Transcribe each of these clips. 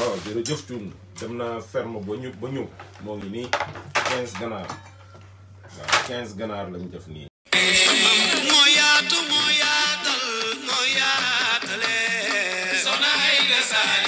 waaw jërëjëf Thioune dem naa ferme ba ñu ba ñëw moo ngi nii ganaar waaw ganaar lañ def nii. moo yaatu moo yaatal moo yaatale. Soxna Aïda Sall.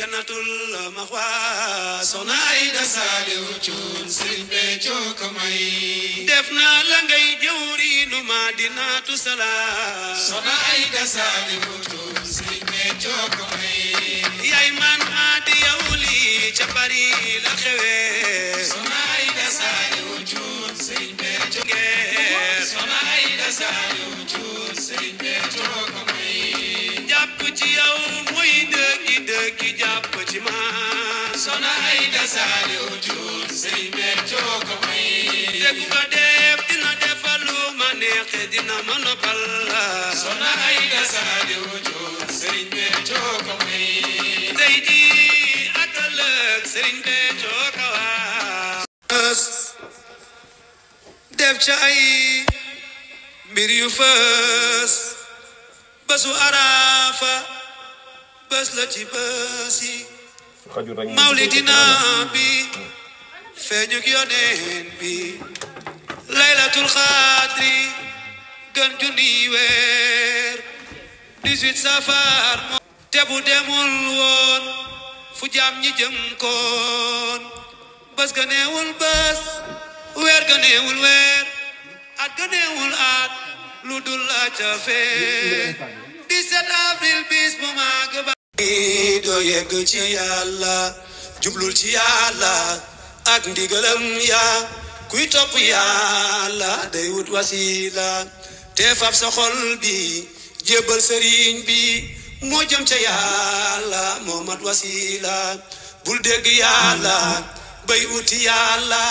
jannatul maxwa soxna Ayda Saaliw cuun sëriñ Béthio ko may def na la ngay jëwriinu Madinatu Salaam soxna Ayda Saaliw cuun sëriñ Béthio ko may yaay man aadi yow lii ca bari la xewee soxna Ayda Saaliw cuun sëriñ Béthio ngeen soxna Ayda Saaliw cuun sëriñ Béthio ko may jàpp ci yow Saliou Thioune sëñ Béthio may def ca ay mbir yu fës bésu Arafa bés la ci xajul rek mawlidina bi feeñu yoneen bi laylatul xaadri gën junni weer 18 safar te bu demul woon fu jaam ñi jëm koon bés gëneewul bés weer gëneewul weer at gëneewul at lu dul la ca fee 17 avril bis bu màgg doo yegg ci yàlla jublul ci yàlla ak ndigalam ya kuy topp yàlla day wut wasila te fab sa xol bi jébbal sëriñ bi moo ca yàlla moo mat wasila bul dégg yàlla bay uti yàlla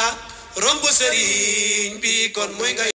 romb sëriñ bi kon mooy nga